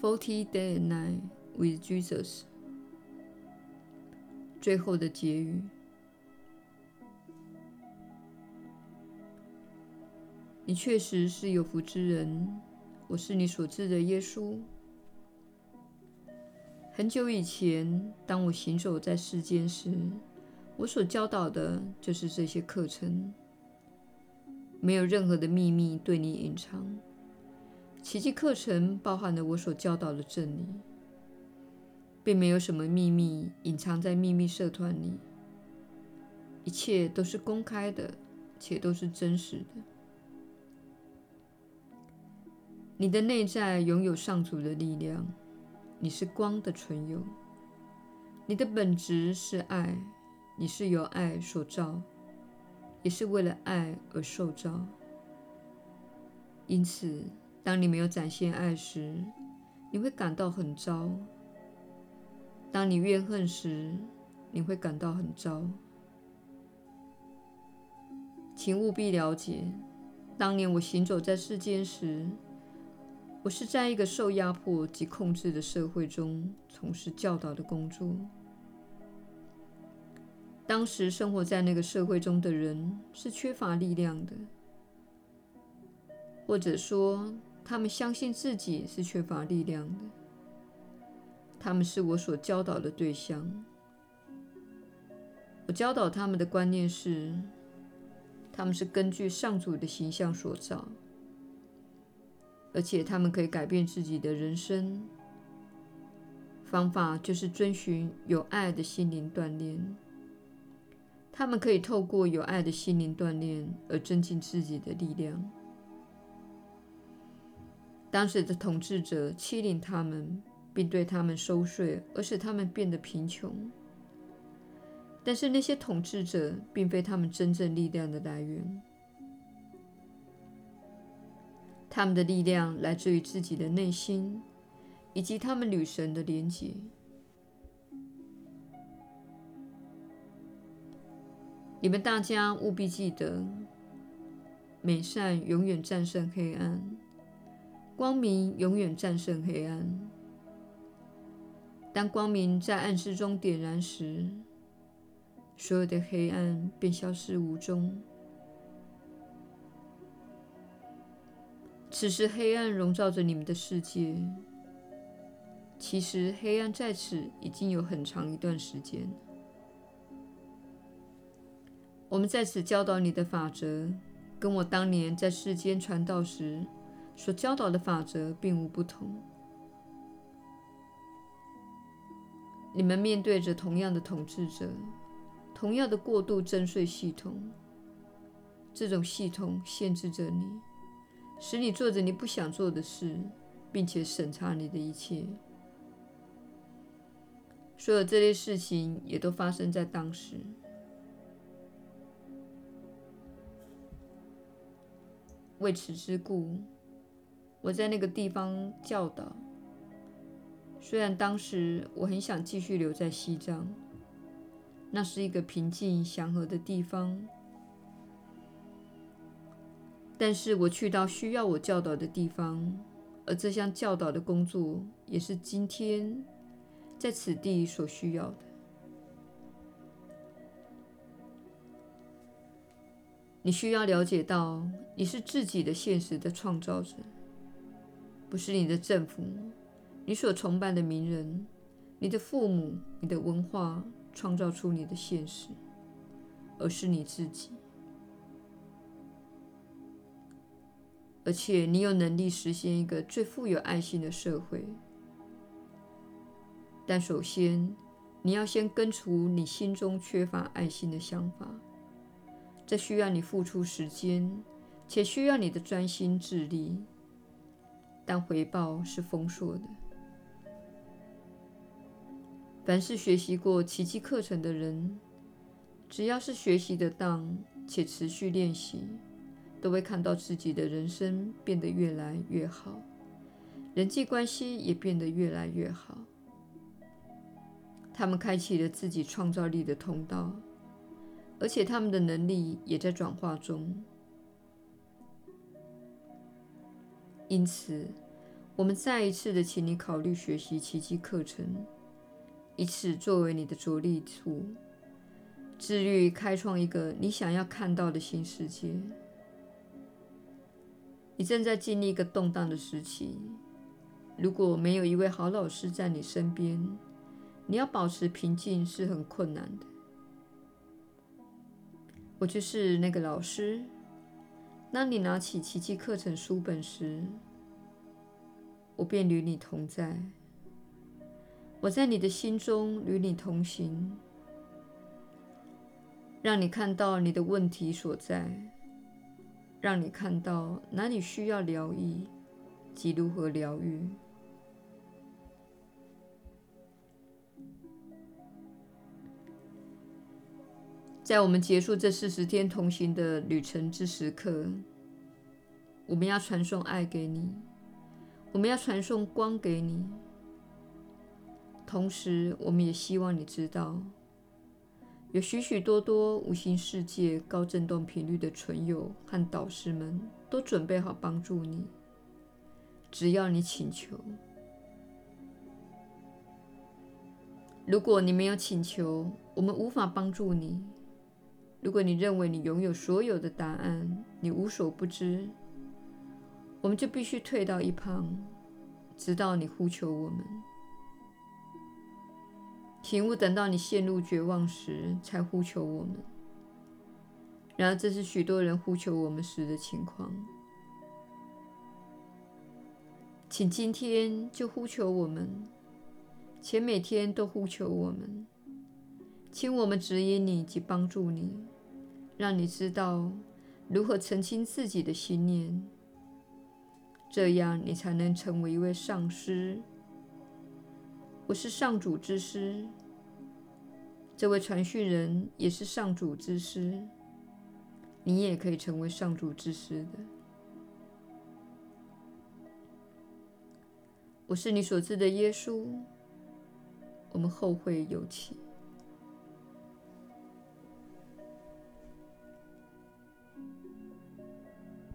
Forty day and night with Jesus。最後的結語。你確實是有福之人，我是你所知的耶穌。很久以前，當我行走在世間時，我所教導的就是這些課程。沒有任何的秘密對你隱藏。奇蹟課程包含了我所教導的真理，並沒有什麼秘密隱藏在秘密社團裡。一切都是公開的，且都是真實的。你的內在擁有上主的力量，你是光的存有，你的本質是愛，你是由愛所造，也是為了愛而受造。因此，當你沒有展現愛時，你會感到很糟；當你怨恨時，你會感到很糟。請務必了解，當年我行走在世間時，我是在一個受壓迫及控制的社會中從事教導的工作。當時生活在那個社會中的人是缺乏力量的，或者說，他們相信自己是缺乏力量的。他們是我所教導的對象。我教導他們的觀念是，他們是根據上主的形象所造，而且他們可以改變自己的人生，方法就是遵循有愛的心靈鍛鍊。他們可以透過有愛的心靈鍛鍊而增進自己的力量。當時的統治者欺凌他們，並對他們收稅，而使他們變得貧窮。但是那些統治者並非他們真正力量的來源，他們的力量來自於自己的內心，以及他們與神的連結。你們大家務必記得，美善永遠戰勝黑暗。光明永遠戰勝黑暗。當光明在暗室中點燃時，所有的黑暗便消失無蹤。此時，黑暗籠罩着你們的世界。其實，黑暗在此已經有很長一段時間。我們在此教導你的法則，跟我當年在世間傳道時。所教導的法則並無不同。你們面對着同樣的統治者，同樣的過度徵稅系統。這種系統限制着你，使你做着你不想做的事，並且審查你的一切。所有這類事情也都發生在當時。為此之故，我在那個地方教導，雖然當時我很想繼續留在西藏，那是一個平靜祥和的地方，但是我去到需要我教導的地方，而這項教導的工作也是今天在此地所需要的。你需要了解到，你是自己的現實的創造者。不是你的政府、你所崇拜的名人、你的父母、你的文化創造出你的現實，而是你自己。而且你有能力實現一個最富有愛心的社會，但首先你要先根除你心中缺乏愛心的想法。這需要你付出時間，且需要你的專心致力。但回報是豐碩的。凡是學習過奇蹟課程的人，只要是學習得當且持續練習，都會看到自己的人生變得越來越好，人際關係也變得越來越好。他們開啟了自己創造力的通道，而且他們的能力也在轉化中。因此，我們再一次的請你考慮學習奇蹟課程，以此作為你的着力處，致力於開創一個你想要看到的新世界。你正在經歷一個動蕩的時期，如果沒有一位好老師在你身邊，你要保持平靜是很困難的。我就是那個老師。當你拿起奇蹟課程書本時，我便與你同在。我在你的心中與你同行，讓你看到你的問題所在，讓你看到哪裡需要療癒及如何療癒。在我們結束這四十天同行的旅程之時刻，我們要傳送愛給你，我們要傳送光給你。同時，我們也希望你知道，有許許多多無形世界高振動頻率的存有和導師們都準備好幫助你，只要你請求。如果你沒有請求，我們無法幫助你。如果你認為你擁有所有的答案，你無所不知，我們就必須退到一旁，直到你呼求我們。請勿等到你陷入絕望時才呼求我們。然而，這是許多人呼求我們時的情況。請今天就呼求我們，且每天都呼求我們。請我們指引你及幫助你，讓你知道如何澄清自己的信念，這樣你才能成為一位上師。我是上主之師，這位傳訊人也是上主之師，你也可以成為上主之師的。我是你所知的耶穌。我們後會有期。